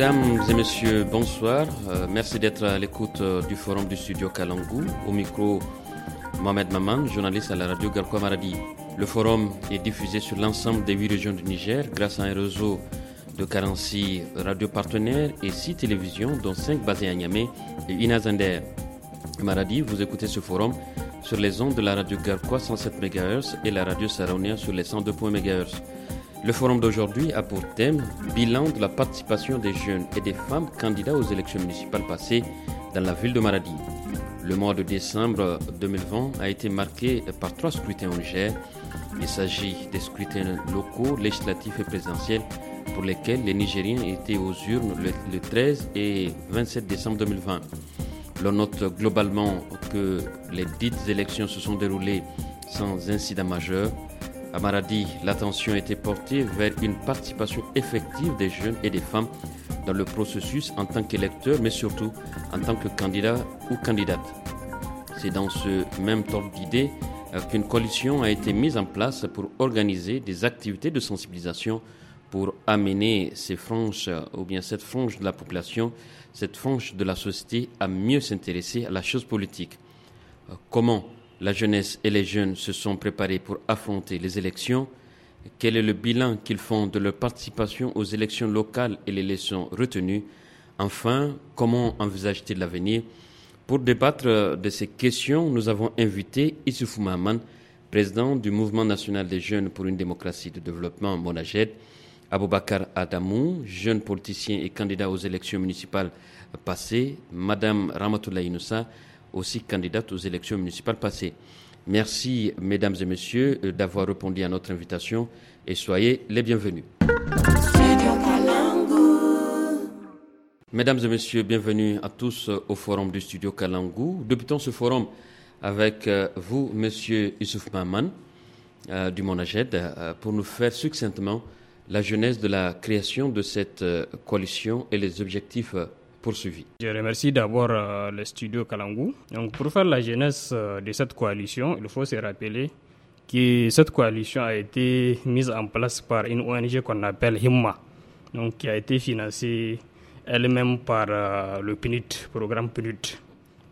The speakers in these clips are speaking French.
Mesdames et messieurs, bonsoir. Euh, merci d'être à l'écoute euh, du forum du studio Kalangu, Au micro, Mohamed Maman, journaliste à la radio Garkwa Maradi. Le forum est diffusé sur l'ensemble des huit régions du Niger grâce à un réseau de 46 radios partenaires et 6 télévisions, dont 5 basées à Niamey et une Maradi, vous écoutez ce forum sur les ondes de la radio Garkwa 107 MHz et la radio Saraunia sur les 102 MHz. Le forum d'aujourd'hui a pour thème Bilan de la participation des jeunes et des femmes candidats aux élections municipales passées dans la ville de Maradi. Le mois de décembre 2020 a été marqué par trois scrutins en Niger. Il s'agit des scrutins locaux, législatifs et présidentiels pour lesquels les Nigériens étaient aux urnes le, 13 et 27 décembre 2020. L'on note globalement que les dites élections se sont déroulées sans incident majeur. À Maradi, l'attention était portée vers une participation effective des jeunes et des femmes dans le processus en tant qu'électeurs, mais surtout en tant que candidats ou candidates. C'est dans ce même temps d'idée euh, qu'une coalition a été mise en place pour organiser des activités de sensibilisation pour amener ces franges, euh, ou bien cette frange de la population, cette frange de la société à mieux s'intéresser à la chose politique. Euh, comment la jeunesse et les jeunes se sont préparés pour affronter les élections. Quel est le bilan qu'ils font de leur participation aux élections locales et les leçons retenues Enfin, comment envisagent-ils l'avenir Pour débattre euh, de ces questions, nous avons invité Issoufou Mahaman, président du Mouvement national des jeunes pour une démocratie de développement, Monaged, Aboubakar Adamou, jeune politicien et candidat aux élections municipales passées, Madame Ramatoulaye Noussa, aussi candidate aux élections municipales passées. Merci, mesdames et messieurs, euh, d'avoir répondu à notre invitation et soyez les bienvenus. Mesdames et messieurs, bienvenue à tous euh, au forum du studio Kalangou. Débutons ce forum avec euh, vous, monsieur Yusuf Mahaman du Monaged, pour nous faire succinctement la genèse de la création de cette coalition et les objectifs poursuivi. Je remercie d'abord euh, le studio Kalangou. Donc, pour faire la jeunesse euh, de cette coalition, il faut se rappeler que cette coalition a été mise en place par une ONG qu'on appelle HIMMA, donc qui a été financée elle-même par euh, le PNUD, programme PNUD.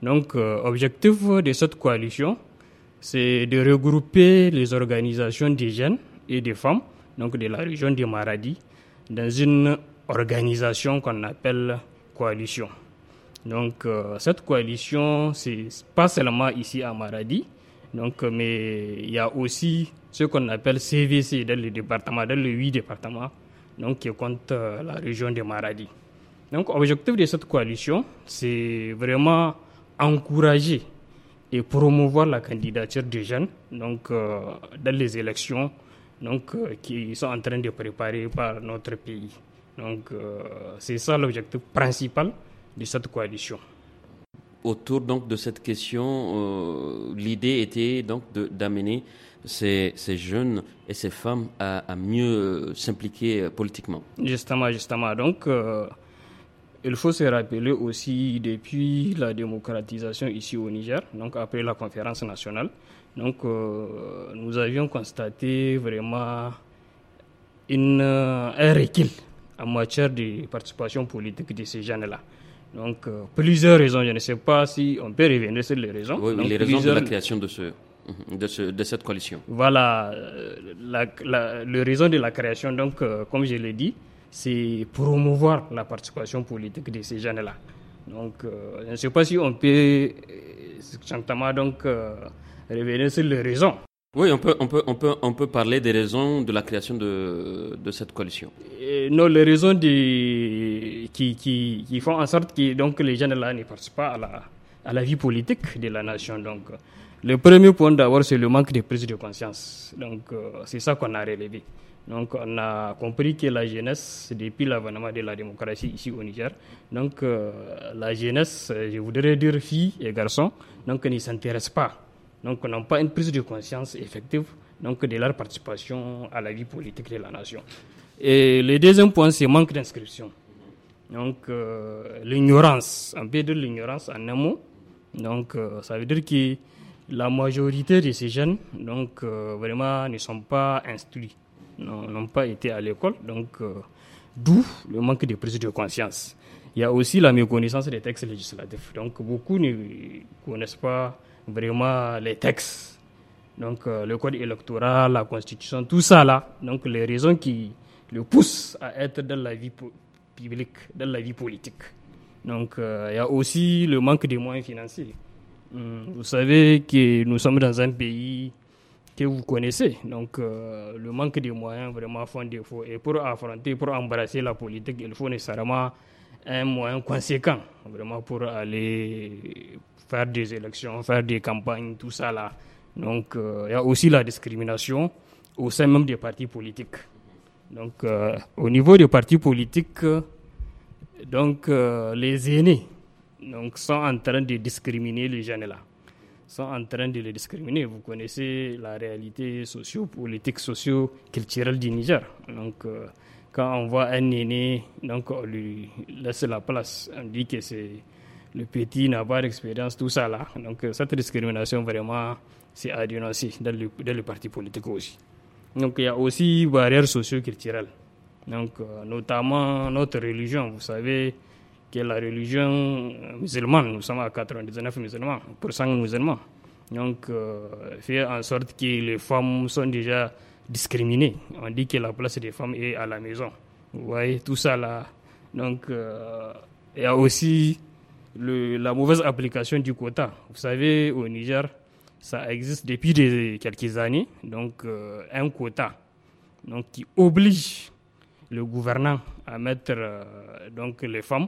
Donc, objectif de cette coalition, c'est de regrouper les organisations des jeunes et des femmes, donc de la région du Maradi, dans une organisation qu'on appelle coalition. Donc euh, cette coalition, c'est pas seulement ici à Maradi, donc, euh, mais il y a aussi ce qu'on appelle CVC dans le département, dans les huit départements, donc qui compte euh, la région de Maradi. Donc l'objectif de cette coalition, c'est vraiment encourager et promouvoir la candidature des jeunes donc, dans les élections donc, qui sont en train de préparer par notre pays. Donc euh, c'est ça l'objectif principal de cette coalition. Autour donc de cette question, euh, l'idée était donc d'amener ces, jeunes et ces femmes à, mieux s'impliquer euh, politiquement. Justement, justement. Donc, il faut se rappeler aussi depuis la démocratisation ici au Niger, donc après la conférence nationale, donc nous avions constaté vraiment une, un recul en matière de participation politique de ces jeunes-là. Donc, euh, plusieurs raisons. Je ne sais pas si on peut revenir sur les raisons. les raisons de la création de, ce, de, ce, de cette coalition. Voilà, euh, la, la, le raison de la création, donc, euh, comme je l'ai dit, c'est promouvoir la participation politique de ces jeunes-là. Donc, je ne sais pas si on peut, Chantama, donc, revenir sur les raisons oui, on peut, on, peut, on, peut, parler des raisons de la création de, de cette coalition. non, les raisons qui, qui, font en sorte que donc, les jeunes là ne participent pas à la, à la vie politique de la nation. Donc, le premier point d'abord, c'est le manque de prise de conscience. Donc, euh, c'est ça qu'on a relevé. Donc, on a compris que la jeunesse, depuis l'avènement de la démocratie ici au Niger, donc euh, la jeunesse, je voudrais dire filles et garçons, donc ne s'intéresse pas donc n'ont pas une prise de conscience effective donc, de leur participation à la vie politique de la nation. Et le deuxième point, c'est manque d'inscription. Donc euh, l'ignorance, un peut de l'ignorance en un mot. Donc euh, ça veut dire que la majorité de ces jeunes, donc euh, vraiment, ne sont pas instruits, n'ont pas été à l'école. Donc d'où le manque de prise de conscience. Il y a aussi la méconnaissance des textes législatifs. Donc beaucoup ne connaissent pas vraiment les textes, donc euh, le code électoral, la constitution, tout ça là, donc les raisons qui le poussent à être dans la vie publique, dans la vie politique. Donc euh, il y a aussi le manque de moyens financiers. Hmm, vous savez que nous sommes dans un pays que vous connaissez. Donc euh, le manque de moyens vraiment font défaut. Et pour affronter, pour embrasser la politique, il faut nécessairement un moyen conséquent, vraiment pour aller faire des élections, faire des campagnes, tout ça là. Donc euh, il y a aussi la discrimination au sein même des partis politiques. Donc euh, au niveau des partis politiques, donc euh, les aînés donc, sont en train de discriminer les jeunes là sont en train de les discriminer. Vous connaissez la réalité socio-politique, socio-culturelle du Niger. Donc, quand on voit un aîné, donc on lui laisse la place. On dit que c'est le petit n'a pas d'expérience, tout ça là. Donc euh, cette discrimination, vraiment, c'est à dénoncer dans le, dans le parti politique aussi. Donc il y a aussi barrières socio-culturelles. Donc euh, notamment notre religion, vous savez que la religion euh, musulmane, nous sommes à 99 musulmans, 100 musulmans. Donc faire en sorte que les femmes sont déjà on dit que la place des femmes est à la maison. Vous voyez, tout ça là. Donc, euh, il y a aussi la mauvaise application du quota. Vous savez, au Niger, ça existe depuis quelques années. Donc, euh, un quota donc, qui oblige le gouvernant à mettre euh, donc, les femmes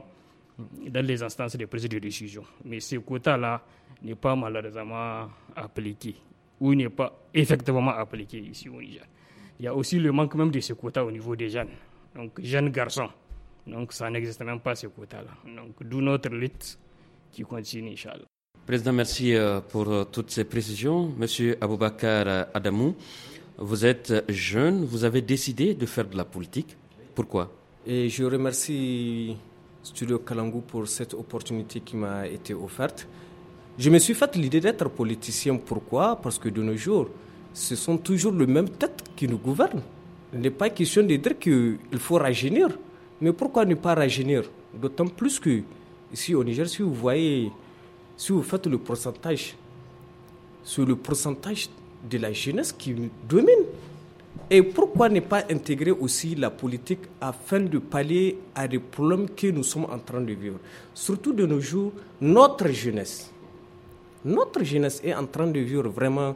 dans les instances de prise de décision. Mais ce quota-là n'est pas malheureusement appliqué ou n'est pas effectivement appliqué ici au Niger. Il y a aussi le manque même de ce quota au niveau des jeunes, donc jeunes garçons. Donc ça n'existe même pas ce quota-là. Donc d'où notre lutte qui continue, Inch'Allah. Président, merci euh, pour euh, toutes ces précisions. Monsieur Aboubakar euh, Adamou, vous êtes jeune, vous avez décidé de faire de la politique. Pourquoi Et Je remercie Studio Kalangou pour cette opportunité qui m'a été offerte. Je me suis fait l'idée d'être politicien. Pourquoi Parce que de nos jours, ce sont toujours les mêmes têtes qui nous gouvernent. Il n'est pas question de dire qu'il faut rajeunir. Mais pourquoi ne pas rajeunir D'autant plus que, ici au Niger, si vous voyez, si vous faites le pourcentage, sur le pourcentage de la jeunesse qui domine. Et pourquoi ne pas intégrer aussi la politique afin de pallier à des problèmes que nous sommes en train de vivre Surtout de nos jours, notre jeunesse notre jeunesse est en train de vivre vraiment.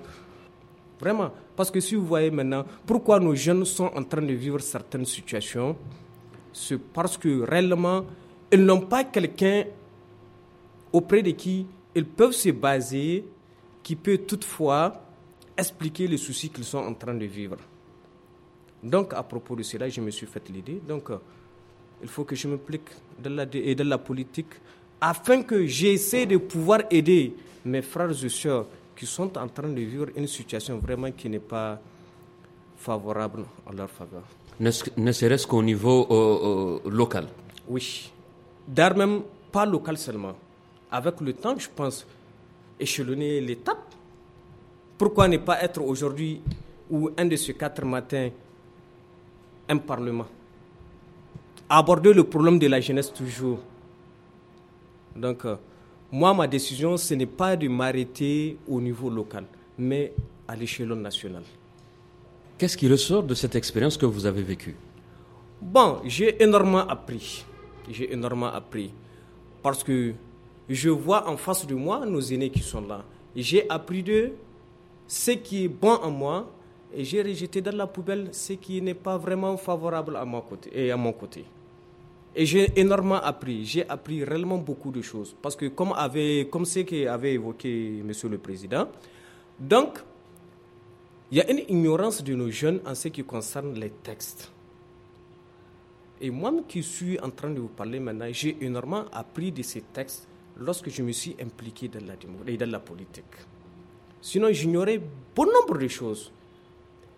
Vraiment. Parce que si vous voyez maintenant pourquoi nos jeunes sont en train de vivre certaines situations, c'est parce que réellement, ils n'ont pas quelqu'un auprès de qui ils peuvent se baser, qui peut toutefois expliquer les soucis qu'ils sont en train de vivre. Donc, à propos de cela, je me suis fait l'idée. Donc, euh, il faut que je m'implique et de la politique afin que j'essaie de pouvoir aider mes frères et sœurs qui sont en train de vivre une situation vraiment qui n'est pas favorable à leur faveur. Ne, serait-ce qu'au niveau euh, euh, local Oui. D'ailleurs même, pas local seulement. Avec le temps, je pense, échelonner l'étape. Pourquoi ne pas être aujourd'hui ou un de ces quatre matins un parlement Aborder le problème de la jeunesse toujours donc, euh, moi, ma décision, ce n'est pas de m'arrêter au niveau local, mais à l'échelon national. Qu'est-ce qui ressort de cette expérience que vous avez vécue Bon, j'ai énormément appris. J'ai énormément appris. Parce que je vois en face de moi nos aînés qui sont là. J'ai appris d'eux ce qui est bon en moi et j'ai rejeté dans la poubelle ce qui n'est pas vraiment favorable à, et à mon côté. Et j'ai énormément appris. J'ai appris réellement beaucoup de choses. Parce que comme, avait, comme qu'avait évoqué Monsieur le Président, donc, il y a une ignorance de nos jeunes en ce qui concerne les textes. Et moi qui suis en train de vous parler maintenant, j'ai énormément appris de ces textes lorsque je me suis impliqué dans la dans la politique. Sinon, j'ignorais bon nombre de choses.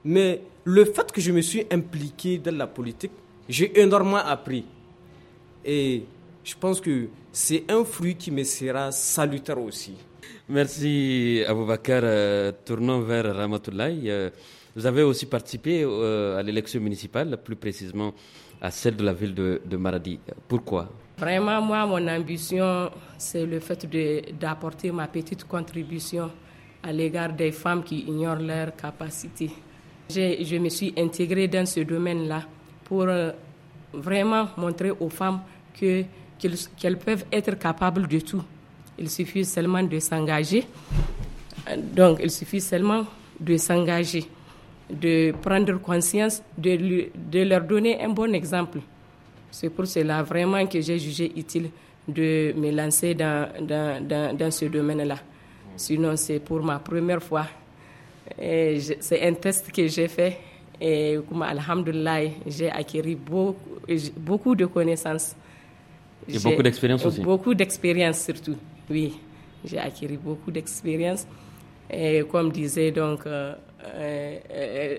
Mais le fait que je me suis impliqué dans la politique, j'ai énormément appris. Et je pense que c'est un fruit qui me sera salutaire aussi. Merci Aboubakar. Euh, tournons vers Ramatoulaye. Euh, vous avez aussi participé euh, à l'élection municipale, plus précisément à celle de la ville de, de Maradi. Pourquoi Vraiment, moi, mon ambition, c'est le fait d'apporter ma petite contribution à l'égard des femmes qui ignorent leurs capacités. Je me suis intégrée dans ce domaine-là pour vraiment montrer aux femmes qu'elles peuvent être capables de tout. Il suffit seulement de s'engager. Donc, il suffit seulement de s'engager, de prendre conscience, de, de leur donner un bon exemple. C'est pour cela vraiment que j'ai jugé utile de me lancer dans, ce domaine-là. Sinon, c'est pour ma première fois. C'est un test que j'ai fait. Et comme j'ai acquis beaucoup, beaucoup de connaissances. Et beaucoup d'expérience aussi. Beaucoup d'expérience surtout, oui. J'ai acquis beaucoup d'expérience. Et comme disait donc euh, euh, euh,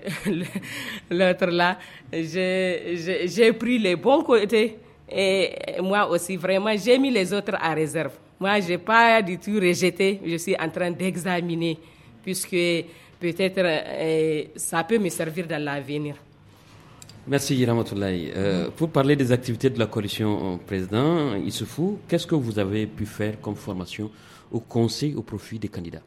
l'autre là, j'ai pris les bons côtés et moi aussi, vraiment, j'ai mis les autres à réserve. Moi, je n'ai pas du tout rejeté, je suis en train d'examiner, puisque peut-être ça peut me servir dans l'avenir. Merci Yiramatoulaye. Euh, pour parler des activités de la coalition euh, président, Issoufou, qu'est-ce que vous avez pu faire comme formation au conseil au profit des candidats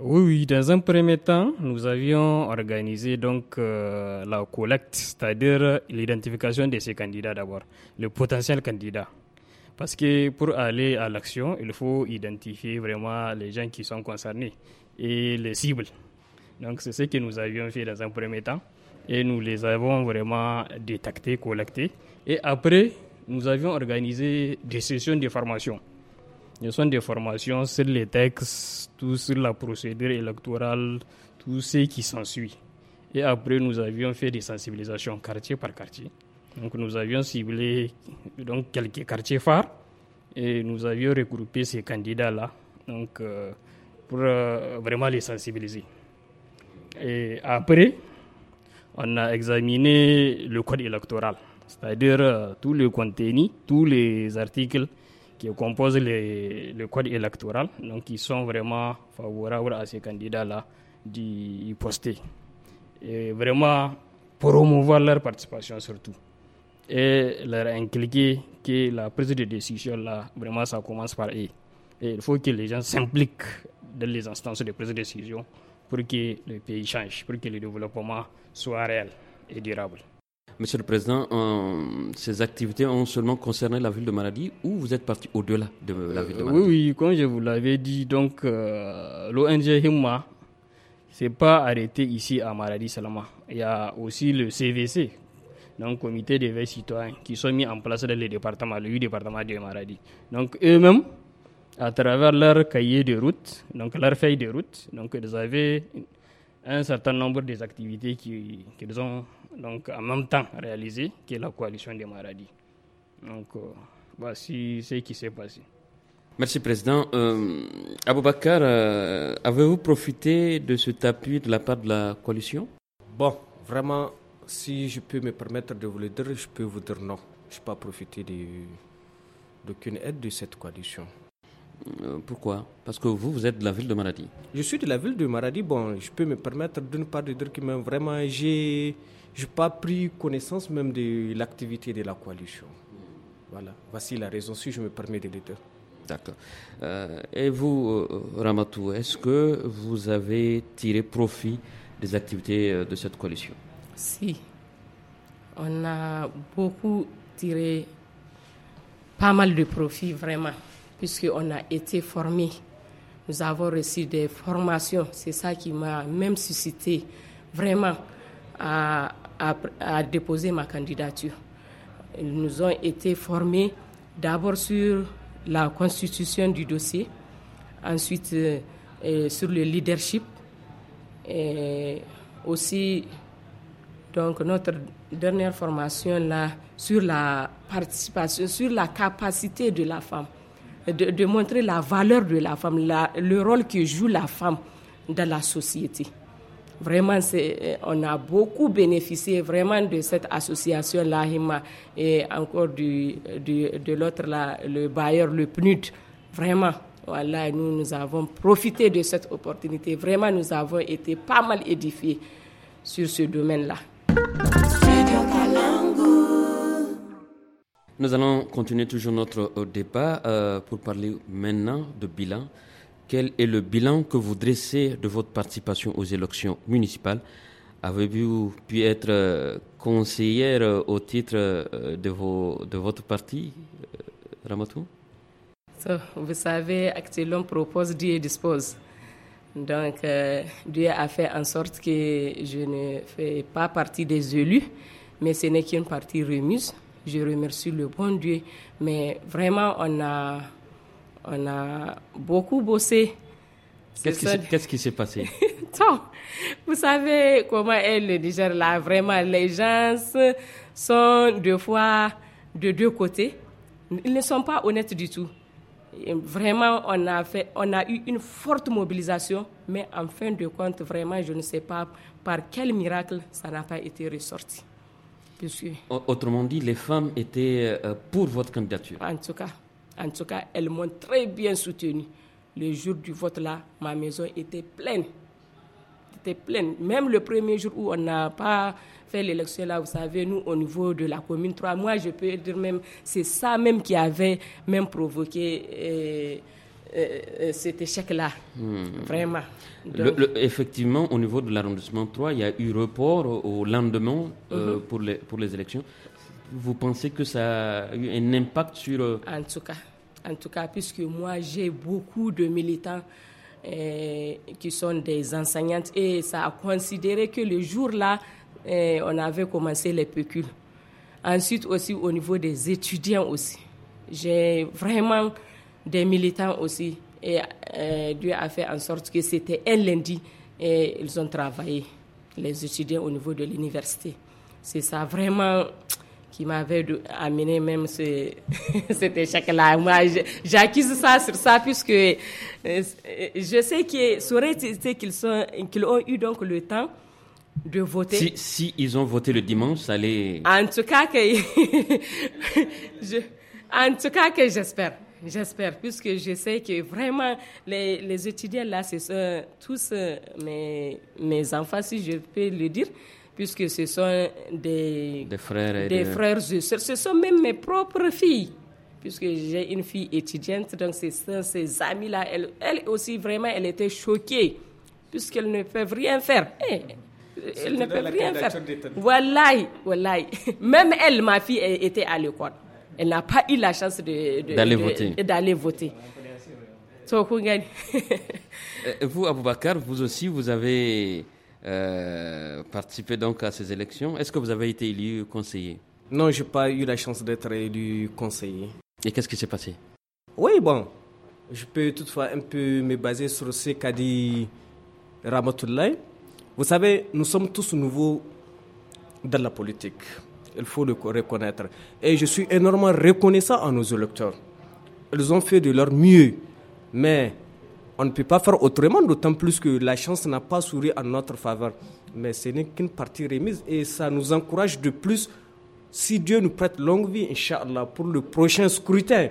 oui, oui, dans un premier temps, nous avions organisé donc euh, la collecte, c'est-à-dire euh, l'identification de ces candidats d'abord, le potentiel candidat. Parce que pour aller à l'action, il faut identifier vraiment les gens qui sont concernés et les cibles. Donc c'est ce que nous avions fait dans un premier temps et nous les avons vraiment détectés, collectés. Et après, nous avions organisé des sessions de formation. Ce sont des formations sur les textes, tout sur la procédure électorale, tout ce qui s'ensuit. Et après, nous avions fait des sensibilisations quartier par quartier. Donc, nous avions ciblé donc, quelques quartiers phares et nous avions regroupé ces candidats-là donc, euh, pour euh, vraiment les sensibiliser. Et après, on a examiné le code électoral, c'est-à-dire euh, tous les le tous les articles qui composent le code électoral, donc qui sont vraiment favorables à ces candidats-là d'y poster. Et vraiment promouvoir leur participation surtout. Et leur impliquer que la prise de décision, là, vraiment, ça commence par eux. Et il faut que les gens s'impliquent dans les instances de prise de décision pour que le pays change, pour que le développement soit réel et durable. Monsieur le Président, euh, ces activités ont seulement concerné la ville de Maradi ou vous êtes parti au-delà de la ville de euh, Maradi oui, oui, comme je vous l'avais dit, donc euh, l'ONG Himma s'est pas arrêté ici à Maradi seulement. Il y a aussi le CVC, donc Comité des veilles citoyens, qui sont mis en place dans les départements, le département de Maradi. Donc eux-mêmes, à travers leur cahier de route, donc leur feuille de route. Donc, ils avaient un certain nombre des activités qu'ils ont donc, en même temps réalisées, qui est la coalition des Maradis. Donc, euh, voici ce qui s'est passé. Merci, Président. Euh, Bakar, euh, avez-vous profité de cet appui de la part de la coalition Bon, vraiment, si je peux me permettre de vous le dire, je peux vous dire non. Je n'ai pas profité d'aucune aide de cette coalition. Euh, pourquoi Parce que vous, vous êtes de la ville de Maradi. Je suis de la ville de Maradi. Bon, je peux me permettre d'une part de dire que même vraiment, j'ai n'ai pas pris connaissance même de l'activité de la coalition. Voilà, voici la raison, si je me permets de le dire. D'accord. Euh, et vous, euh, Ramatou, est-ce que vous avez tiré profit des activités de cette coalition Si. On a beaucoup tiré pas mal de profit, vraiment puisqu'on a été formés. Nous avons reçu des formations. C'est ça qui m'a même suscité vraiment à, déposer ma candidature. nous ont été formés d'abord sur la constitution du dossier, ensuite euh, sur le leadership, et aussi donc notre dernière formation là sur la participation, sur la capacité de la femme de, montrer la valeur de la femme, le rôle que joue la femme dans la société. Vraiment, euh, on a beaucoup bénéficié vraiment de cette association l'AHIMA et encore du, de l'autre, le bailleur, le PNUD. Vraiment, voilà, nous, nous avons profité de cette opportunité. Vraiment, nous avons été pas mal édifiés sur ce domaine-là. Nous allons continuer toujours notre euh, débat euh, pour parler maintenant de bilan. Quel est le bilan que vous dressez de votre participation aux élections municipales Avez-vous pu être euh, conseillère au titre de, votre parti, Ramatou Vous savez, actuellement, propose, Dieu dispose. Donc, Dieu a fait en sorte que je ne fais pas partie des élus, mais ce n'est qu'une partie remise je remercie le bon Dieu. Mais vraiment, on a, on a beaucoup bossé. Qu'est-ce qui s'est passé Vous savez comment est le Niger là. Vraiment, les gens sont deux fois de deux côtés. Ils ne sont pas honnêtes du tout. vraiment, on a, fait, on a eu une forte mobilisation, mais en fin de compte, vraiment, je ne sais pas par quel miracle ça n'a pas été ressorti. Autrement dit, les femmes étaient euh, pour votre candidature. En tout cas, en elles m'ont très bien soutenue. Le jour du vote là, ma maison était pleine. Était pleine. Même le premier jour où on n'a pas fait l'élection là, vous savez, nous au niveau de la commune trois mois, je peux dire même, c'est ça même qui avait même provoqué. Euh, euh, euh, cet échec-là. Hmm. Vraiment. effectivement, au niveau de l'arrondissement 3, il y a eu report au lendemain euh, mhm. pour, les, pour les élections. Vous pensez que ça a eu un impact sur... En tout cas, en tout cas, puisque moi, j'ai beaucoup de militants qui sont des enseignantes et ça a considéré que le jour-là, on avait commencé les pécules. Ensuite aussi au niveau des étudiants aussi. J'ai vraiment des militants aussi. Et euh, Dieu a fait en sorte que c'était un lundi et ils ont travaillé, les étudiants au niveau de l'université. C'est ça vraiment qui m'avait amené même c'était cet échec-là. Moi, j'accuse ça sur ça puisque euh, je sais qu'ils auraient qu'ils ont eu donc le temps de voter. Si, ils ont voté le dimanche, ça allait... En tout cas que... je, en tout cas que j'espère. J'espère, puisque je sais que vraiment les, les étudiants là, ce sont tous euh, mes, mes enfants, si je peux le dire puisque ce sont des, des frères et des, frères Ce sont même mes propres filles, puisque j'ai une fille étudiante, donc ces, amis-là, elle, elle, aussi, vraiment, elle était choquée, puisqu'elles ne peuvent rien faire. Elles elle ne peut rien faire. Voilà, eh, mm. voilà. Même elle, ma fille, était à l'école elle n'a pas eu la chance d'aller voter. Euh, vous, Aboubacar, vous aussi, vous avez euh, participé donc à ces élections. Est-ce que vous avez été élu conseiller Non, je n'ai pas eu la chance d'être élu conseiller. Et qu'est-ce qui s'est passé Oui, bon, je peux toutefois un peu me baser sur ce qu'a dit Ramatoulaye. Vous savez, nous sommes tous nouveaux dans la politique il faut le reconnaître. Et je suis énormément reconnaissant à nos électeurs. Ils ont fait de leur mieux, mais on ne peut pas faire autrement, d'autant plus que la chance n'a pas souri en notre faveur. Mais ce n'est qu'une partie remise et ça nous encourage de plus, si Dieu nous prête longue vie, Inch'Allah, pour le prochain scrutin.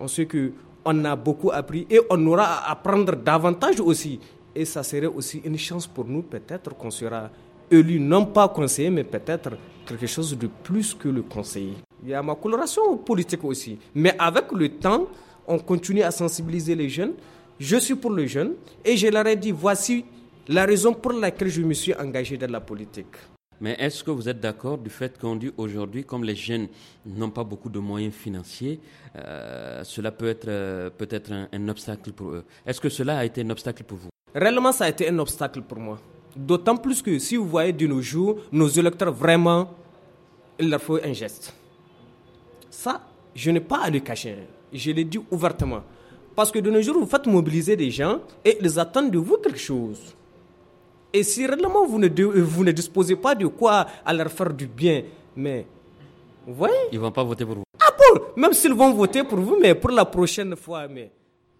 On sait qu'on a beaucoup appris et on aura à apprendre davantage aussi. Et ça serait aussi une chance pour nous, peut-être qu'on sera élu, non pas conseiller, mais peut-être quelque chose de plus que le conseiller. Il y a ma coloration politique aussi. Mais avec le temps, on continue à sensibiliser les jeunes. Je suis pour les jeunes et je leur ai dit voici la raison pour laquelle je me suis engagé dans la politique. Mais est-ce que vous êtes d'accord du fait qu'on dit aujourd'hui, comme les jeunes n'ont pas beaucoup de moyens financiers, euh, cela peut être euh, peut-être un obstacle pour eux Est-ce que cela a été un obstacle pour vous Réellement, ça a été un obstacle pour moi. D'autant plus que si vous voyez de nos jours, nos électeurs, vraiment, il leur faut un geste. Ça, je n'ai pas à le cacher. Je l'ai dit ouvertement. Parce que de nos jours, vous faites mobiliser des gens et ils attendent de vous quelque chose. Et si réellement vous ne, vous ne disposez pas de quoi à leur faire du bien, mais vous voyez Ils ne vont pas voter pour vous. Ah bon Même s'ils vont voter pour vous, mais pour la prochaine fois, mais...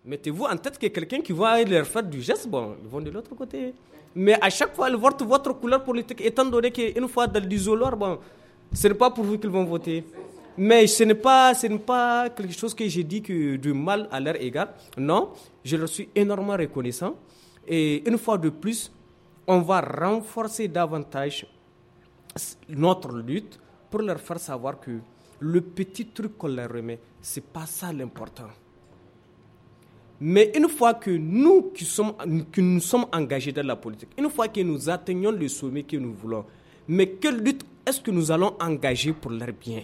Mettez-vous en tête que quelqu'un qui va leur faire du geste, bon, ils vont de l'autre côté. Mais à chaque fois, ils votent votre couleur politique, étant donné qu'une fois dans l'isoloir, bon, ce n'est pas pour vous qu'ils vont voter. Mais ce n'est pas, ce n'est pas quelque chose que j'ai dit que du mal à leur égard. Non, je leur suis énormément reconnaissant. Et une fois de plus, on va renforcer davantage notre lutte pour leur faire savoir que le petit truc qu'on leur remet, ce n'est pas ça l'important. Mais une fois que nous, qui sommes, nous sommes engagés dans la politique, une fois que nous atteignons le sommet que nous voulons, mais quelle lutte est-ce que nous allons engager pour leur bien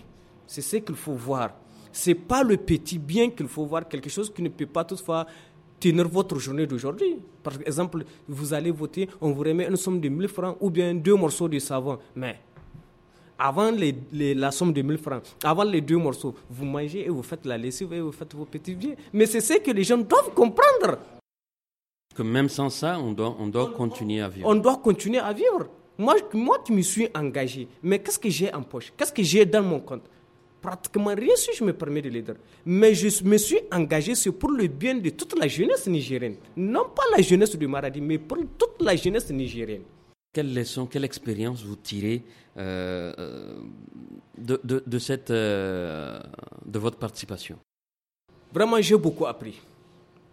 C'est ce qu'il faut voir. Ce n'est pas le petit bien qu'il faut voir, quelque chose qui ne peut pas toutefois tenir votre journée d'aujourd'hui. Par exemple, vous allez voter, on vous remet une somme de 1000 francs ou bien deux morceaux de savon. Mais avant les, la somme de 1000 francs, avant les deux morceaux, vous mangez et vous faites la lessive et vous faites vos petits biens. Mais c'est ce que les gens doivent comprendre. Que même sans ça, on doit, on doit continuer à vivre. On doit continuer à vivre. Moi, moi me suis engagé, mais qu'est-ce que j'ai en poche Qu'est-ce que j'ai dans mon compte Pratiquement rien si je me permets de le Mais je me suis engagé, c'est pour le bien de toute la jeunesse nigérienne. Non pas la jeunesse du Maradi, mais pour toute la jeunesse nigérienne. Quelle leçon, quelle expérience vous tirez euh, euh, de, cette, euh, de votre participation Vraiment, j'ai beaucoup appris.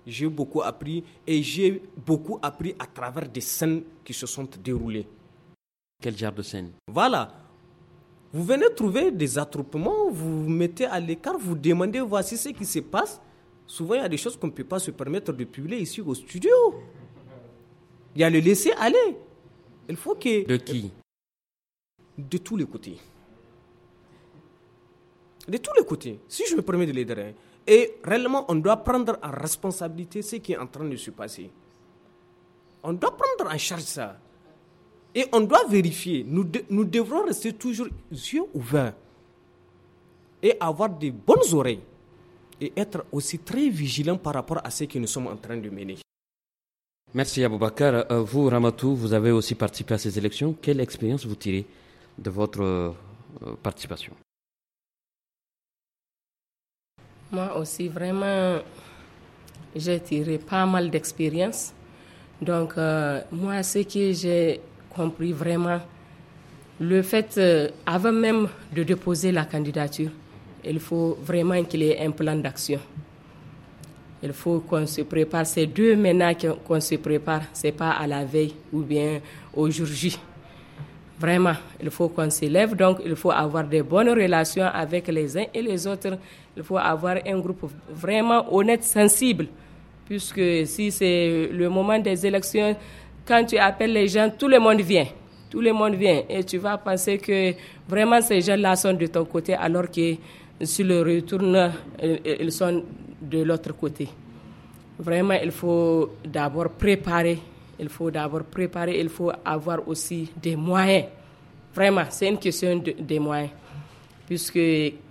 J'ai beaucoup appris et j'ai beaucoup appris à travers des scènes qui se sont déroulées. Quel genre de scène Voilà. Vous venez trouver des attroupements, vous vous mettez à l'écart, vous demandez voici ce qui se passe. Souvent, il y a des choses qu'on ne peut pas se permettre de publier ici au studio. Il y a le laisser aller. Il faut que... De qui De tous les côtés. De tous les côtés, si je me permets de les hein, Et réellement, on doit prendre en responsabilité ce qui est en train de se passer. On doit prendre en charge ça. Et on doit vérifier. Nous, devrons rester toujours yeux ouverts et avoir de bonnes oreilles et être aussi très vigilants par rapport à ce que nous sommes en train de mener. Merci Aboubakar. Euh, vous, Ramatou, vous avez aussi participé à ces élections. Quelle expérience vous tirez de votre euh, participation Moi aussi, vraiment, j'ai tiré pas mal d'expérience. Donc, euh, moi, ce que j'ai compris vraiment, le fait, avant même de déposer la candidature, il faut vraiment qu'il y ait un plan d'action. Il faut qu'on se prépare. C'est deux maintenant qu'on se prépare. C'est pas à la veille ou bien au jour J. Vraiment, il faut qu'on s'élève. Donc, il faut avoir des bonnes relations avec les uns et les autres. Il faut avoir un groupe vraiment honnête, sensible. Puisque si c'est le moment des élections, quand tu appelles les gens, tout le monde vient. Tout le monde vient. Et tu vas penser que vraiment ces gens-là sont de ton côté alors que sur le retour, euh, ils sont de l'autre côté. Vraiment, il faut d'abord préparer, il faut d'abord préparer, il faut avoir aussi des moyens. Vraiment, c'est une question des moyens. Puisque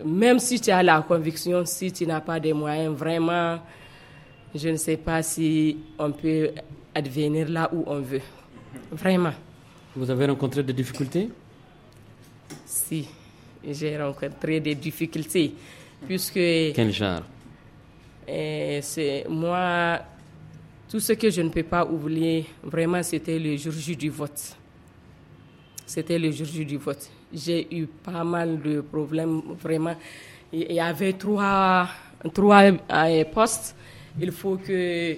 même si tu as la conviction, si tu n'as pas des moyens, vraiment, je ne sais pas si on peut advenir là où on veut. Vraiment. Vous avez rencontré des difficultés Si, j'ai rencontré des difficultés. Puisque. Quel genre c'est moi, tout ce que je ne peux pas oublier, vraiment, c'était le jour du vote. C'était le jour du vote. J'ai eu pas mal de problèmes, vraiment. Il y avait trois, euh, postes. Il faut que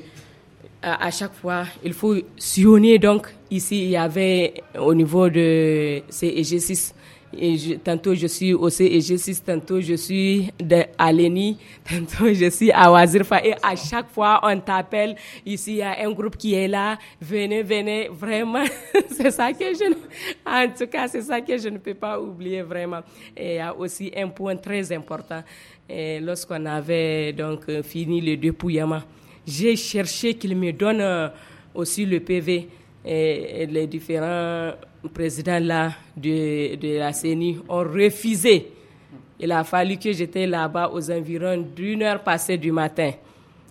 à, chaque fois, il faut sillonner. Donc, ici, il y avait au niveau de ces 6 et tantôt je suis au ceg tantôt je suis de, à l'ENI, tantôt je suis à Wazirfa. Et à chaque fois, on t'appelle, ici, il y a un groupe qui est là, venez, venez, vraiment. c'est ça que je En tout cas, c'est ça que je ne peux pas oublier vraiment. Et il y a aussi un point très important. Lorsqu'on avait donc fini le dépouillement, j'ai cherché qu'il me donne euh, aussi le PV et, les différents présidents là de, de la CENI ont refusé. Il a fallu que j'étais là-bas aux environs d'une heure passée du matin.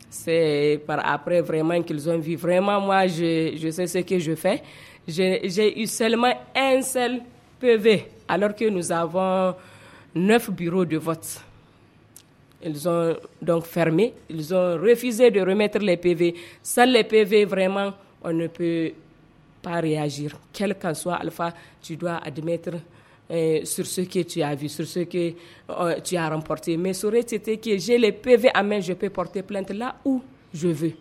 C'est par après vraiment qu'ils ont vu. Vraiment, moi, je, je sais ce que je fais. J'ai eu seulement un seul PV, alors que nous avons neuf bureaux de vote. Ils ont donc fermé, ils ont refusé de remettre les PV. Sans les PV, vraiment, on ne peut pas réagir. Quel qu'en soit Alpha, tu dois admettre euh, sur ce que tu as vu, sur ce que euh, tu as remporté. Mais ça aurait été que j'ai les PV à main, je peux porter plainte là où je veux.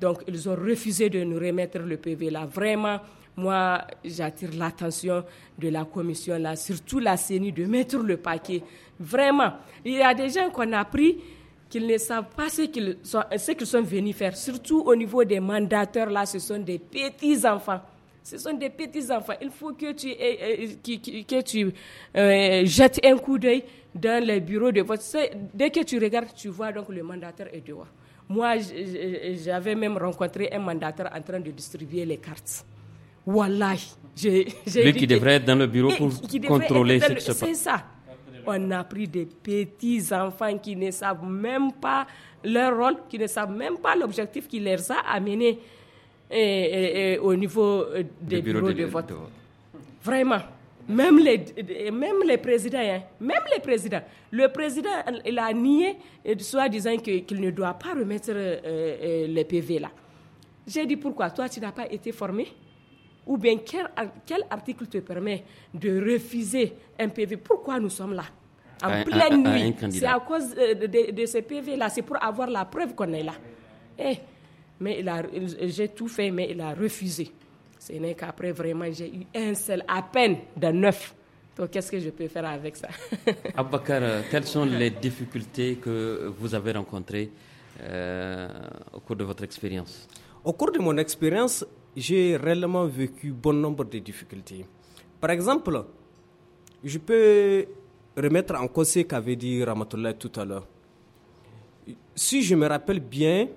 Donc, ils ont refusé de nous remettre le PV là. Vraiment, moi, j'attire l'attention de la commission là, surtout la CENI, de mettre le paquet. Vraiment, il y a des gens qu'on a pris qu'ils ne savent pas ce qu'ils sont, ce qu'ils sont venus faire. Surtout au niveau des mandateurs, là, ce sont des petits enfants. Ce sont des petits enfants. Il faut que tu, euh, que, tu euh, jettes un coup d'œil dans les bureaux de vote. Dès que tu regardes, tu vois donc le mandataire est dehors. Moi, j'avais même rencontré un mandataire en train de distribuer les cartes. Voilà, J'ai, j'ai qui devrait être dans le bureau eh, pour contrôler cette C'est ça on a pris des petits enfants qui ne savent même pas leur rôle, qui ne savent même pas l'objectif qui les a amenés eh, eh, eh, au niveau euh, des bureaux, de, vote. Vraiment. Même les, même les présidents, hein. même les présidents. Le président, il a nié, soit disant qu'il ne doit pas remettre euh, euh, les PV là. J'ai dit pourquoi Toi, tu n'as pas été formé Ou bien quel, article te permet de refuser un PV Pourquoi nous sommes là en pleine nuit. C'est à cause euh, de, de ces PV-là, c'est pour avoir la preuve qu'on est là. Eh, mais j'ai tout fait, mais il a refusé. Ce n'est qu'après, vraiment, j'ai eu un seul, à peine, de neuf. Donc, qu'est-ce que je peux faire avec ça Abakar, euh, quelles sont les difficultés que vous avez rencontrées euh, au cours de votre expérience Au cours de mon expérience, j'ai réellement vécu bon nombre de difficultés. Par exemple, je peux remettre en cause ce qu'avait dit Ramatullah tout à l'heure. Si je me rappelle bien,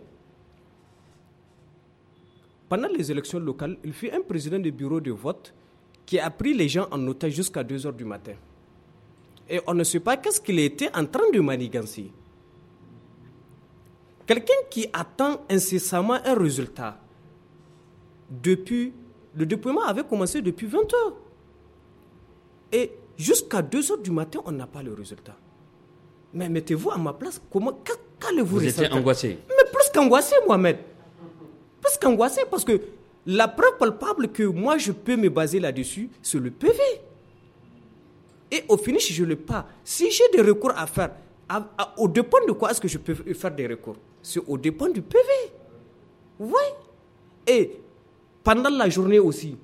pendant les élections locales, il fut un président du bureau de vote qui a pris les gens en otage jusqu'à 2 heures du matin. Et on ne sait pas qu'est-ce qu'il était en train de manigancer. Quelqu'un qui attend incessamment un résultat, depuis, le déploiement avait commencé depuis 20 heures. Et Jusqu'à 2 heures du matin, on n'a pas le résultat. Mais mettez-vous à ma place, comment, qu'allez-vous Vous, Vous étiez angoissé. Mais plus qu'angoissé, Mohamed. Plus qu'angoissé, parce que la preuve palpable que moi je peux me baser là-dessus, c'est le PV. Et au finish, je ne l'ai pas. Si j'ai des recours à faire, au dépend de quoi est-ce que je peux faire des recours C'est au dépend du PV. Oui. Et pendant la journée aussi,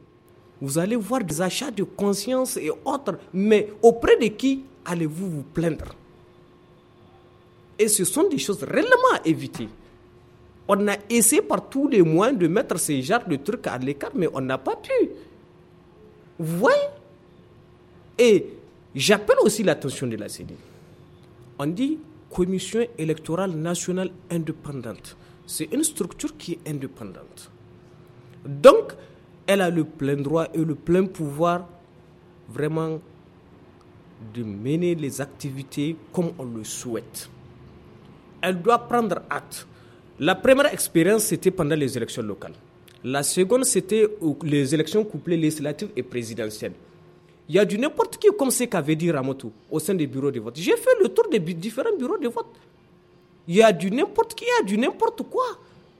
vous allez voir des achats de conscience et autres, mais auprès de qui allez-vous vous plaindre Et ce sont des choses réellement à éviter. On a essayé par tous les moyens de mettre ces genres de trucs à l'écart, mais on n'a pas pu. Vous voyez Et j'appelle aussi l'attention de la CDI. On dit Commission électorale nationale indépendante. C'est une structure qui est indépendante. Donc, elle a le plein droit et le plein pouvoir vraiment de mener les activités comme on le souhaite. Elle doit prendre acte. La première expérience, c'était pendant les élections locales. La seconde, c'était les élections couplées législatives et présidentielles. Il y a du n'importe qui, comme c'est qu'avait dit Ramoto au sein des bureaux de vote. J'ai fait le tour des différents bureaux de vote. Il y a du n'importe qui, il y a du n'importe quoi.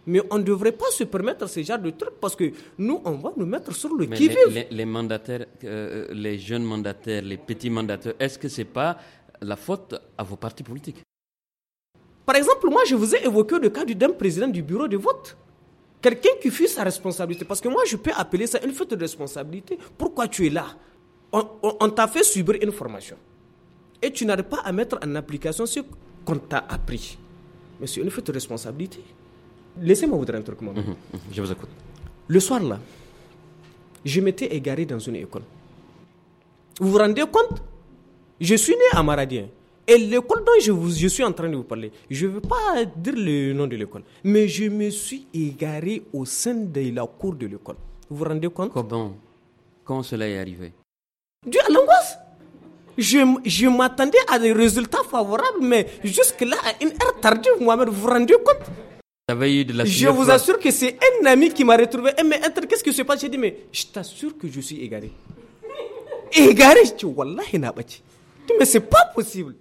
Mais on ne devrait pas se permettre ce genre de trucs parce que nous, on va nous mettre sur le qui-vive. Les, les, mandataires, euh, les jeunes mandataires, les petits mandataires, est-ce que ce n'est pas la faute à vos partis politiques Par exemple, moi, je vous ai évoqué le cas d'un président du bureau de vote. Quelqu'un qui fuit sa responsabilité. Parce que moi, je peux appeler ça une faute de responsabilité. Pourquoi tu es là On, on t'a fait subir une formation. Et tu n'arrives pas à mettre en application ce qu'on t'a appris. Mais c'est une faute de responsabilité. Laissez-moi vous dire un truc, moi. Mhm, mhm, je vous écoute. Le soir, là, je m'étais égaré dans une école. Vous vous rendez compte Je suis né à Maradien. Et l'école dont je, vous, je suis en train de vous parler, je ne veux pas dire le nom de l'école, mais je me suis égaré au sein de la cour de l'école. Vous vous rendez compte Comment Quand cela est arrivé Dieu à l'angoisse je, je m'attendais à des résultats favorables, mais jusque-là, à une heure tardive, vous vous rendez compte je vous assure que c'est un ami qui m'a retrouvé. Eh, qu'est-ce qui se passe J'ai dit, mais je t'assure que je suis égaré. égaré Je dis, Mais c'est pas possible.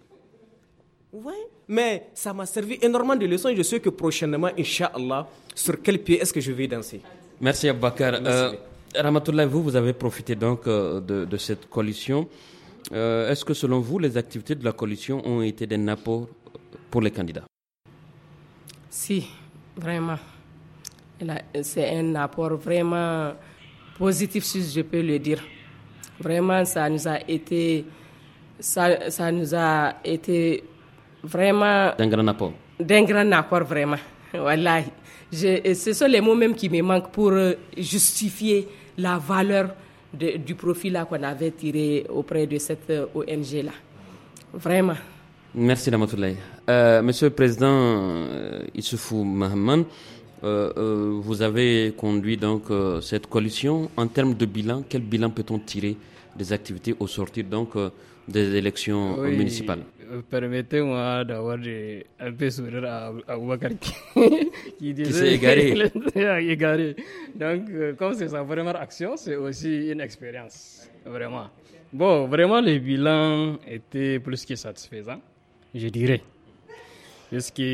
Ouais, mais ça m'a servi énormément de leçons. Je sais que prochainement, Inch'Allah, sur quel pied est-ce que je vais danser Merci, Abakar. Euh, Ramatoullah, vous, vous avez profité donc euh, de, cette coalition. Euh, est-ce que selon vous, les activités de la coalition ont été des apport pour les candidats Si, vraiment. C'est un apport vraiment positif, si je peux le dire. Vraiment, ça nous a été, ça, ça nous a été vraiment. D'un grand apport. D'un grand apport, vraiment. Voilà. ce sont les mots même qui me manquent pour euh, justifier la valeur de, du profit qu'on avait tiré auprès de cette euh, ONG-là. Vraiment. Merci M. Euh, Monsieur le Président euh, Issoufou Mahaman, euh, euh, vous avez conduit donc cette coalition. En termes de bilan, quel bilan peut-on tirer des activités au sortir donc des élections municipales Permettez-moi d'avoir un peu sourire à qui, qui égaré. Donc, comme c'est vraiment action, c'est aussi une expérience, vraiment. Bon, vraiment, le bilan était plus que satisfaisant je dirais. Puisque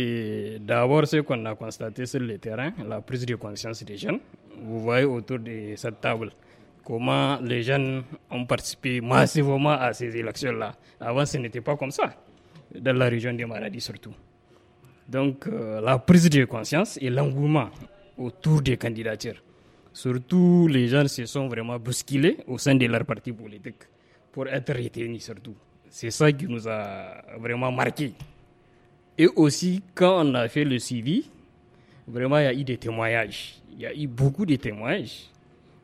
d'abord, ce qu'on a constaté sur le terrain, la prise de conscience des jeunes, vous voyez autour de cette table comment les jeunes ont participé massivement à ces élections-là. Avant, ce n'était pas comme ça, dans la région des maladies surtout. Donc, euh, la prise de conscience et l'engouement autour des candidatures. Surtout, les jeunes se sont vraiment bousculés au sein de leur parti politique pour être retenus surtout. C'est ça qui nous a vraiment marqué. Et aussi, quand on a fait le suivi, vraiment, il y a eu des témoignages. Il y a eu beaucoup de témoignages.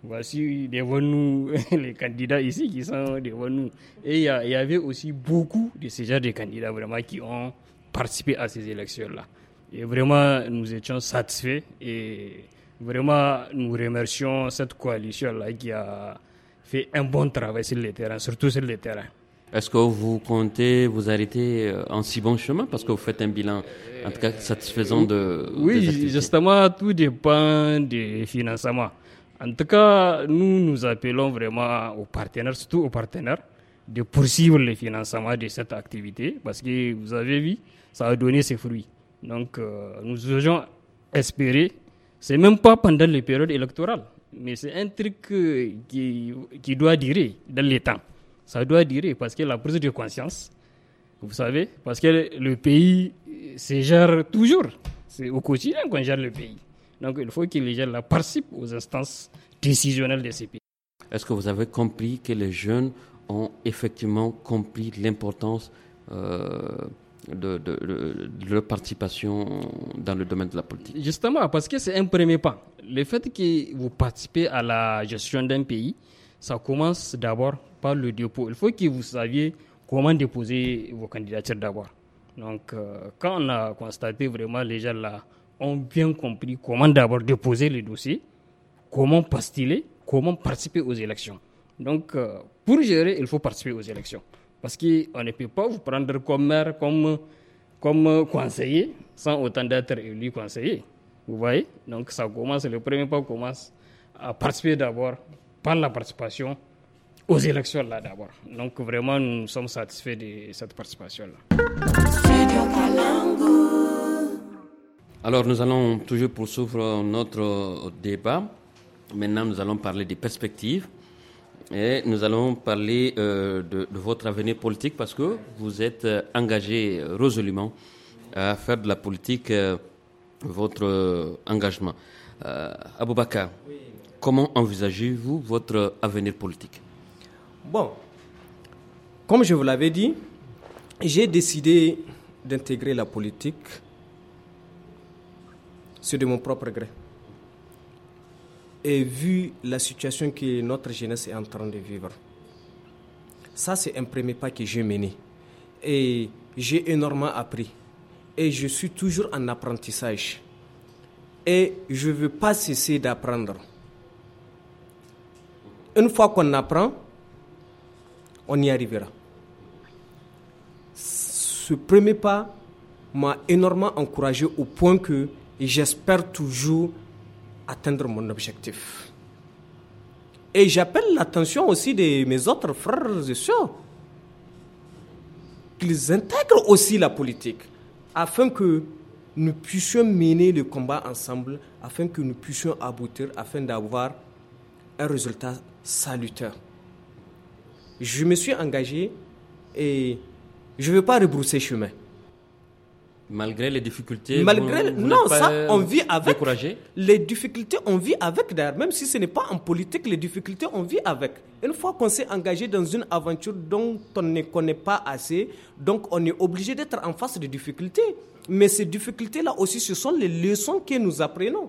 Voici devant nous les candidats ici qui sont devant nous. Et il y, avait aussi beaucoup de ces genres candidats vraiment qui ont participé à ces élections-là. Et vraiment, nous étions satisfaits et vraiment, nous remercions cette coalition-là qui a fait un bon travail sur le terrain, surtout sur le terrain. Est-ce que vous comptez vous arrêter euh, en si bon chemin parce que vous faites un bilan, en tout cas satisfaisant de. Oui, justement, tout dépend des financements. En tout cas, nous nous appelons vraiment aux partenaires, surtout aux partenaires, de poursuivre les financements de cette activité parce que vous avez vu, ça a donné ses fruits. Donc, euh, nous aurions espéré, c'est même pas pendant les périodes électorales, mais c'est un truc euh, qui, qui doit durer dans les temps ça doit durer parce que la prise de conscience, vous savez, parce que le pays se gère toujours. C'est au quotidien qu'on gère le pays. Donc il faut qu'il les jeunes participent aux instances décisionnelles de ces pays. Est-ce que vous avez compris que les jeunes ont effectivement compris l'importance euh, de, de, leur participation dans le domaine de la politique Justement, parce que c'est un premier pas. Le fait que vous participez à la gestion d'un pays, ça commence d'abord par le dépôt. Il faut que vous saviez comment déposer vos candidatures d'abord. Donc, euh, quand on a constaté vraiment les gens là ont bien compris comment d'abord déposer les dossiers, comment postuler, comment participer aux élections. Donc, euh, pour gérer, il faut participer aux élections. Parce qu'on ne peut pas vous prendre comme maire, comme, comme conseiller, sans autant d'être élu conseiller. Vous voyez Donc, ça commence, le premier pas commence à participer d'abord par la participation aux élections là d'abord. Donc vraiment, nous sommes satisfaits de cette participation là. Alors nous allons toujours poursuivre notre débat. Maintenant, nous allons parler des perspectives et nous allons parler euh, de, votre avenir politique parce que vous êtes euh, engagé résolument à faire de la politique euh, votre engagement. Euh, comment envisagez-vous votre avenir politique Bon, comme je vous l'avais dit, j'ai décidé d'intégrer la politique c'est de mon propre gré. Et vu la situation que notre jeunesse est en train de vivre, ça c'est un premier pas que j'ai mené. Et j'ai énormément appris. Et je suis toujours en apprentissage. Et je ne veux pas cesser d'apprendre une fois qu'on apprend, on y arrivera. Ce premier pas m'a énormément encouragé au point que j'espère toujours atteindre mon objectif. Et j'appelle l'attention aussi de mes autres frères et sœurs qu'ils intègrent aussi la politique afin que nous puissions mener le combat ensemble, afin que nous puissions aboutir, afin d'avoir un résultat salutaire. Je me suis engagé et je ne veux pas rebrousser chemin. Malgré les difficultés Malgré, Non, ça, on vit avec. Découragé. Les difficultés, on vit avec d'ailleurs. Même si ce n'est pas en politique, les difficultés, on vit avec. Une fois qu'on s'est engagé dans une aventure dont on ne connaît pas assez, donc on est obligé d'être en face des difficultés. Mais ces difficultés-là aussi, ce sont les leçons que nous apprenons.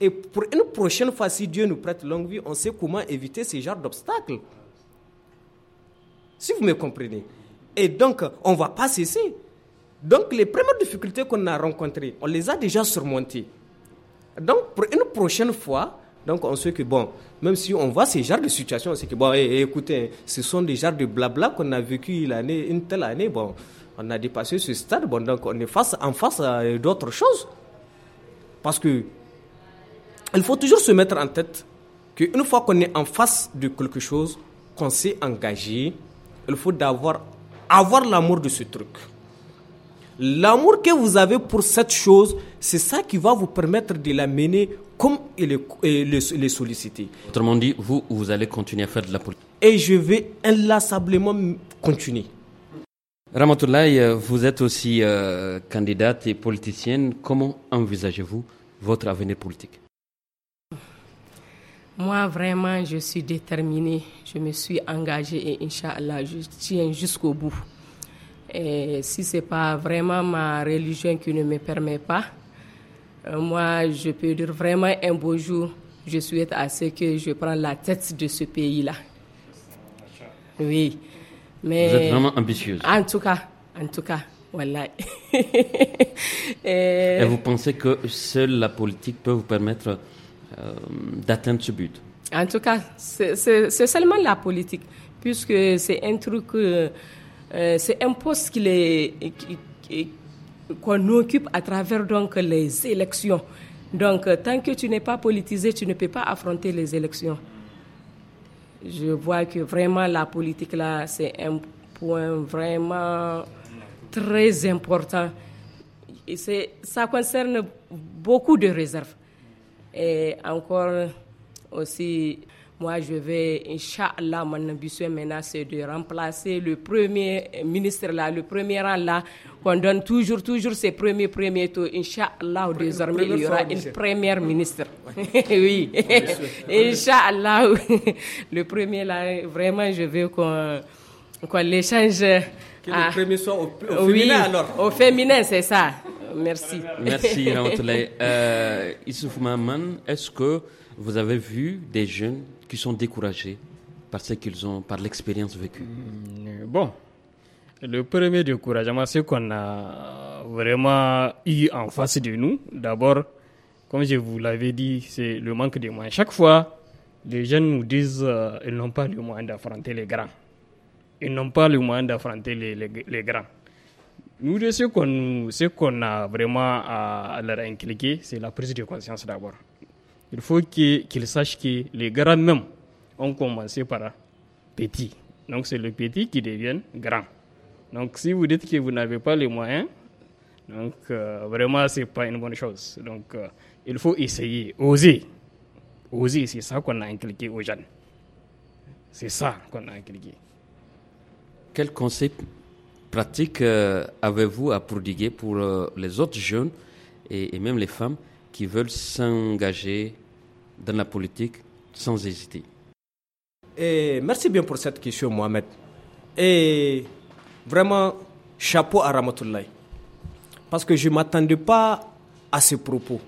Et pour une prochaine fois, si Dieu nous prête longue vie, on sait comment éviter ces genre d'obstacles. Si vous me comprenez. Et donc, on ne va pas cesser. Donc, les premières difficultés qu'on a rencontrées, on les a déjà surmontées. Donc, pour une prochaine fois, donc on sait que, bon, même si on voit ces genres de situations, on sait que, bon, eh, eh, écoutez, ce sont des genres de blabla qu'on a vécu l'année, une telle année, bon, on a dépassé ce stade, bon, donc on est face, en face à d'autres choses. Parce que il faut toujours se mettre en tête qu'une fois qu'on est en face de quelque chose, qu'on s'est engagé, il faut avoir, l'amour de ce truc. L'amour que vous avez pour cette chose, c'est ça qui va vous permettre de la mener comme il est sollicité. Autrement dit, vous, vous allez continuer à faire de la politique. Et je vais inlassablement continuer. Ramatoulaye, euh, vous êtes aussi euh, candidate et politicienne. Comment envisagez-vous votre avenir politique moi, vraiment, je suis déterminée. Je me suis engagée et Inch'Allah, je tiens jusqu'au bout. Et si ce n'est pas vraiment ma religion qui ne me permet pas, euh, moi, je peux dire vraiment un beau jour, je souhaite à ce que je prenne la tête de ce pays-là. Oui. Mais Vous êtes vraiment ambitieuse. En tout cas, en tout cas, voilà. et vous pensez que seule la politique peut vous permettre euh, d'atteindre ce but. En tout cas, c'est seulement la politique, puisque c'est un truc, euh, euh, c'est un poste qu'on occupe à travers donc les élections. Donc, tant que tu n'es pas politisé, tu ne peux pas affronter les élections. Je vois que vraiment la politique là, c'est un point vraiment très important. Et ça concerne beaucoup de réserves. Et encore aussi, moi, je vais, Inch'Allah, mon ambition maintenant, c'est de remplacer le premier ministre là, le premier rang là, qu'on donne toujours, toujours ces premiers, premiers taux. Inch'Allah, désormais, il y aura une première ministre. oui. Inch'Allah, le premier là, vraiment, je veux qu'on qu l'échange. Que le ah. premier soit au, féminin oui, alors. Au féminin, c'est ça. Merci. Merci, Ramatoulaye. Euh, Issouf est-ce que vous avez vu des jeunes qui sont découragés par qu'ils ont, par l'expérience vécue mm, Bon, le premier découragement, c'est qu'on a vraiment eu en face de nous. D'abord, comme je vous l'avais dit, c'est le manque de moyens. Chaque fois, les jeunes nous disent qu'ils euh, n'ont pas le moyen d'affronter les grands. Ils n'ont pas le moyen d'affronter les grands. Nous ce qu'on a vraiment à, leur inculquer, c'est la prise de conscience d'abord. Il faut qu'ils sachent que les grands même ont commencé par petit. Donc c'est le petit qui devient grand. Donc si vous dites que vous n'avez pas les moyens, donc ce euh, vraiment c'est pas une bonne chose. Donc euh, il faut essayer, oser. Oser, c'est ça qu'on a inculqué aux jeunes. C'est ça qu'on a inculqué. Quel concept pratiques euh, avez-vous à prodiguer pour euh, les autres jeunes et, même les femmes qui veulent s'engager dans la politique sans hésiter et Merci bien pour cette question, Mohamed. Et vraiment, chapeau à Ramatoulaye. Parce que je ne m'attendais pas à ces propos.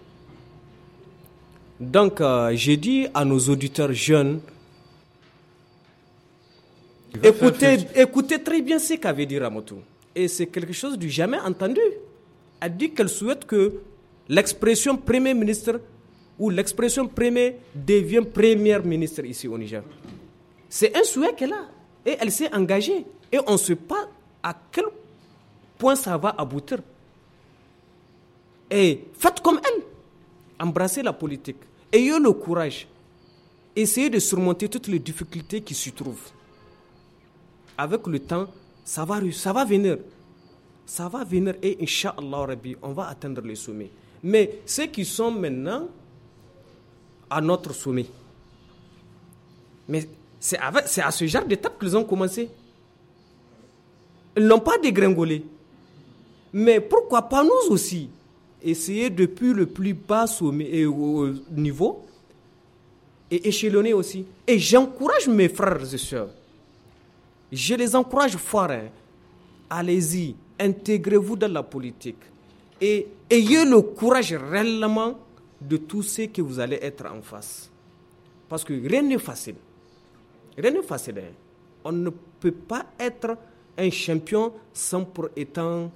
Donc, euh, j'ai dit à nos auditeurs jeunes Écoutez, écoutez très bien ce qu'avait dit Ramotou. Et c'est quelque chose du jamais entendu. Elle dit qu'elle souhaite que l'expression Premier ministre ou l'expression Premier devienne premier ministre ici au Niger. C'est un souhait qu'elle a. Et elle s'est engagée. Et on ne sait pas à quel point ça va aboutir. Et faites comme elle. Embrassez la politique. Ayez le courage. Essayez de surmonter toutes les difficultés qui se trouvent avec le temps, ça va, ça va venir. Ça va venir et Inch'Allah, Rabbi, on va atteindre le sommet. Mais ceux qui sont maintenant à notre sommet, mais c'est à ce genre d'étape qu'ils ont commencé. Ils n'ont pas dégringolé. Mais pourquoi pas nous aussi essayer depuis le plus bas sommet et au niveau et échelonner aussi. Et j'encourage mes frères et sœurs je les encourage fort. Hein. Allez-y, intégrez-vous dans la politique et ayez le courage réellement de tous ceux que vous allez être en face. Parce que rien n'est facile. Rien n'est facile. Hein. On ne peut pas être un champion sans pour être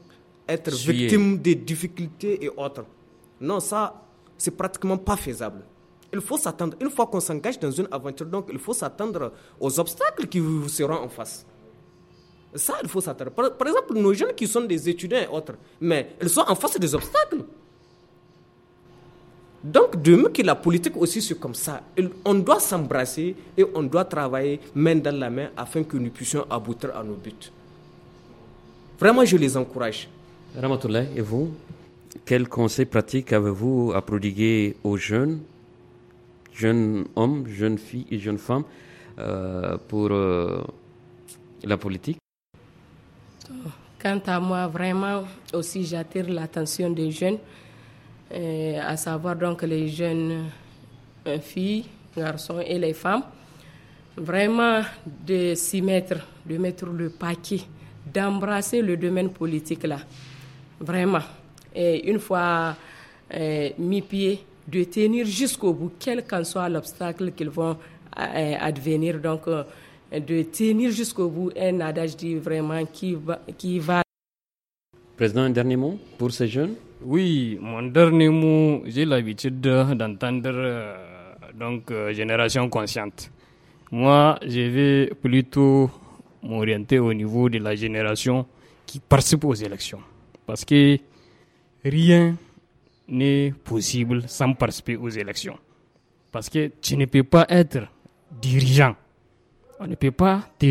victime des difficultés et autres. Non, ça, c'est pratiquement pas faisable. Il faut s'attendre, une fois qu'on s'engage dans une aventure, donc il faut s'attendre aux obstacles qui vous seront en face. Ça, il faut s'attendre. Par, exemple, nos jeunes qui sont des étudiants et autres, mais ils sont en face des obstacles. Donc, de même que la politique aussi, c'est comme ça. on doit s'embrasser et on doit travailler main dans la main afin que nous puissions aboutir à nos buts. Vraiment, je les encourage. Ramatoulay, et vous Quels conseils pratiques avez-vous à prodiguer aux jeunes jeunes hommes, jeunes filles et jeunes femmes euh, pour euh, la politique Quant à moi, vraiment aussi j'attire l'attention des jeunes, euh, à savoir donc les jeunes filles, garçons et les femmes, vraiment de s'y mettre, de mettre le paquet, d'embrasser le domaine politique là, vraiment. Et une fois mis pied de tenir jusqu'au bout, quel qu'en soit l'obstacle qu'ils vont euh, advenir. Donc, euh, de tenir jusqu'au bout un adage dit vraiment qui va, qui va. Président, un dernier mot pour ces jeunes Oui, mon dernier mot, j'ai l'habitude d'entendre euh, donc génération consciente. Moi, je vais plutôt m'orienter au niveau de la génération qui participe aux élections. Parce que rien n'est possible sans participer aux élections. Parce que tu ne peux pas être dirigeant. On ne peut pas te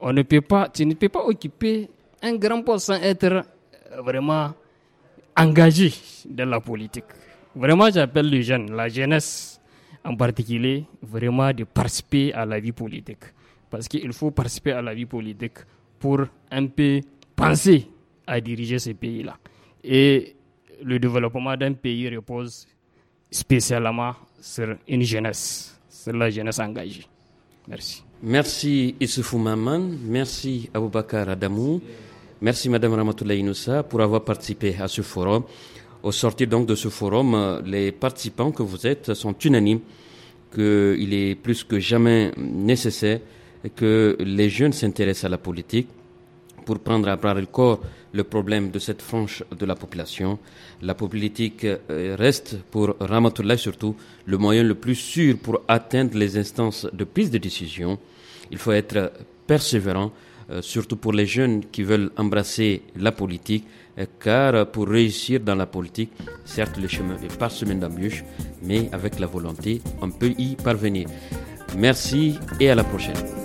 On ne peut pas, tu ne peux pas occuper un grand poste sans être euh, vraiment engagé dans la politique. Vraiment, j'appelle les jeunes, la jeunesse en particulier, vraiment de participer à la vie politique. Parce qu'il faut participer à la vie politique pour un peu penser à diriger ce pays-là. Et le développement d'un pays repose spécialement sur une jeunesse, sur la jeunesse engagée. Merci. Merci Issoufou Maman, merci Aboubakar Adamou, merci Madame Ramatoula Inoussa pour avoir participé à ce forum. Au sortir donc de ce forum, euh, les participants que vous êtes sont unanimes qu'il est plus que jamais nécessaire que les jeunes s'intéressent à la politique pour prendre à bras le corps le problème de cette frange de la population. La politique euh, reste, pour Ramatullah surtout, le moyen le plus sûr pour atteindre les instances de prise de décision. Il faut être persévérant, euh, surtout pour les jeunes qui veulent embrasser la politique, euh, car pour réussir dans la politique, certes le chemin est semaine d'embûches, mais avec la volonté, on peut y parvenir. Merci et à la prochaine.